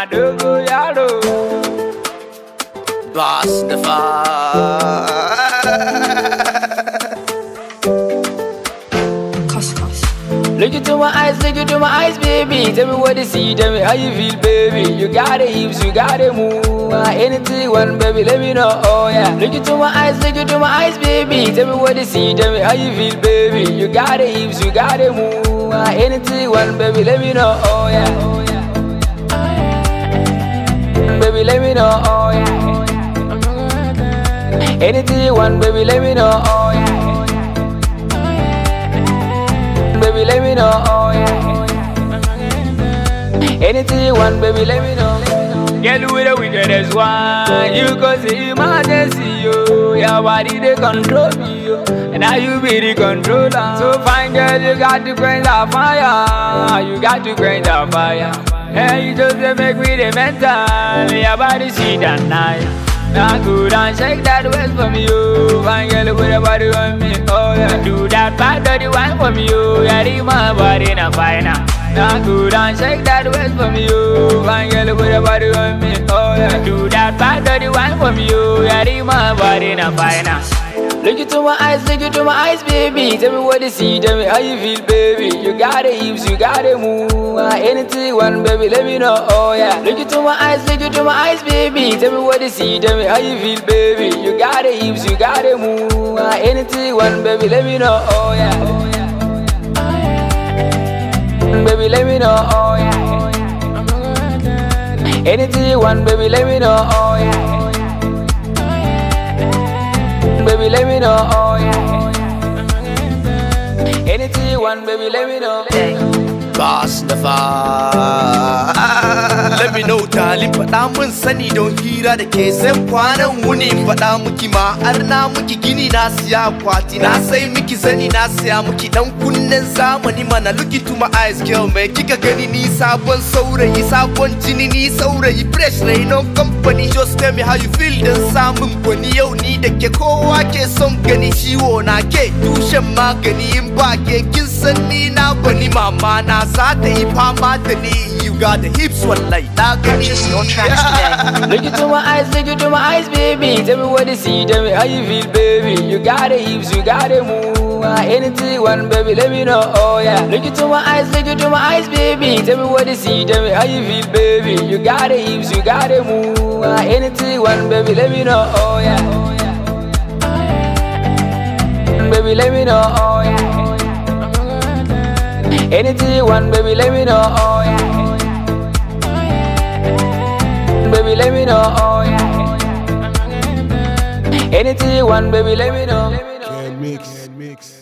na dogo yalo Boss the Look into my eyes, look into my eyes, baby. Tell me what you see, tell me how you feel, baby. You got it, hips, you got it, move. Uh, anything one, baby, let me know. Oh yeah. Look into my eyes, look into my eyes, baby. Tell me what you see, tell me how you feel, baby. You got it, hips, you got it, move. Uh, anything one, baby, let me know. Oh yeah. Oh, yeah baby, let me know. Oh yeah. Anything you want, baby, let me know. Oh yeah. Oh yeah. Baby, let me know. Oh yeah. Anything you want, baby, let me know. Get with the wickedest one. You cause the emergency, yo. Your body they control me, yo. And now you be the controller. So fine, girl, you got to grind the fire. You got to grind the fire. Hey, you just make me the mental. Your body see that night. Now go down, shake that waist from you. oh. girl put a body on me, oh. Yeah. Do that part of the wine from you. Yeah, leave my body now, fine now. Now go down, shake that waist from you. oh. girl put a body on me, oh. Yeah. Do that part of the wine from you. Yeah, leave my body now, fine now. Look into my eyes, look into my eyes, baby. Tell me what you see, tell me how you feel, baby. You got the hips, you got the move. Uh, anything one, baby, let me know. Oh yeah. Look into my eyes, look into my eyes, baby. Tell me what you see, tell me how you feel, baby. You got the hips, you got the move. Uh, anything one, baby, let me know. Oh yeah. Oh, yeah. Oh, yeah. Baby, let me know. Oh yeah. Anything one, baby, let me know. Oh yeah baby, let me know. Oh, yeah. Anything you want, baby, let me know. Boss the fire. mai nau dalin faɗa mun sani don hira da ke sai kwanan wuni faɗa muki ma har na muki gini na siya kwati na sai miki sani na siya muki dan kunnen zamani mana look into my eyes girl mai kika gani ni sabon saurayi sabon jini ni saurayi fresh no company just tell me how you feel dan samun gwani yau ni da ke kowa ke son gani ciwo na ke tushen magani in ba ke kin san ni na gwani mama na za ta yi fama da ni God, the hips were like Now Purchase your tracks today. look into my eyes, look into my eyes, baby. Tell me what you see, tell me how you feel, baby. You got the hips, you got the move. Anything one, baby, let me know. Oh yeah. Look into my eyes, look into my eyes, baby. Tell me what you see, tell me how you feel, baby. You got the hips, you got the move. Anything one, baby, let me know. Oh yeah. Oh, yeah. Baby, let me know. Oh yeah. Anything you want, baby, let me know. Oh yeah. let me know. Oh yeah. Anything you want, baby, let me know. Can't mix. Can't mix.